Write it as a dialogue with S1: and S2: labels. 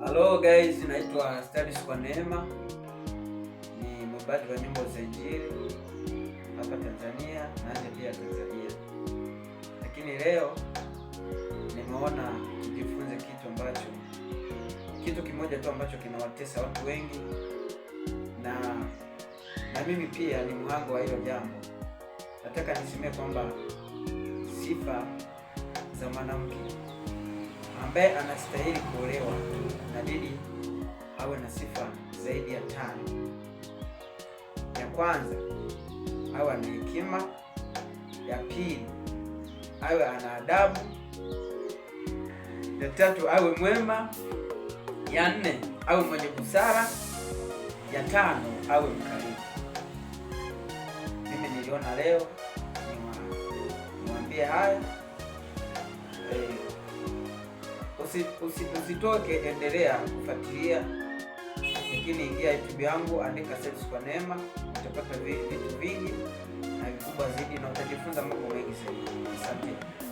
S1: Hello guys, naitwa Stanis kwa Neema, ni mwimbaji wa nyimbo za injili hapa Tanzania na nje pia Tanzania, lakini leo nimeona tujifunze kitu ambacho, kitu kimoja tu ambacho kinawatesa watu wengi, na na mimi pia ni mhango wa hilo jambo. Nataka nisemee kwamba sifa za mwanamke ambaye anastahili kuolewa inabidi awe na sifa zaidi ya tano. Ya kwanza awe ana hekima, ya pili awe ana adabu, ya tatu awe mwema, ya nne awe mwenye busara, ya tano awe mkarimu. Mimi niliona leo niwaambie haya eh usitoke, endelea kufuatilia, lakini ingia YouTube yangu, andika Selfie kwa Neema, utapata vitu vingi na vikubwa zaidi na utajifunza mambo mengi zaidi. Asante.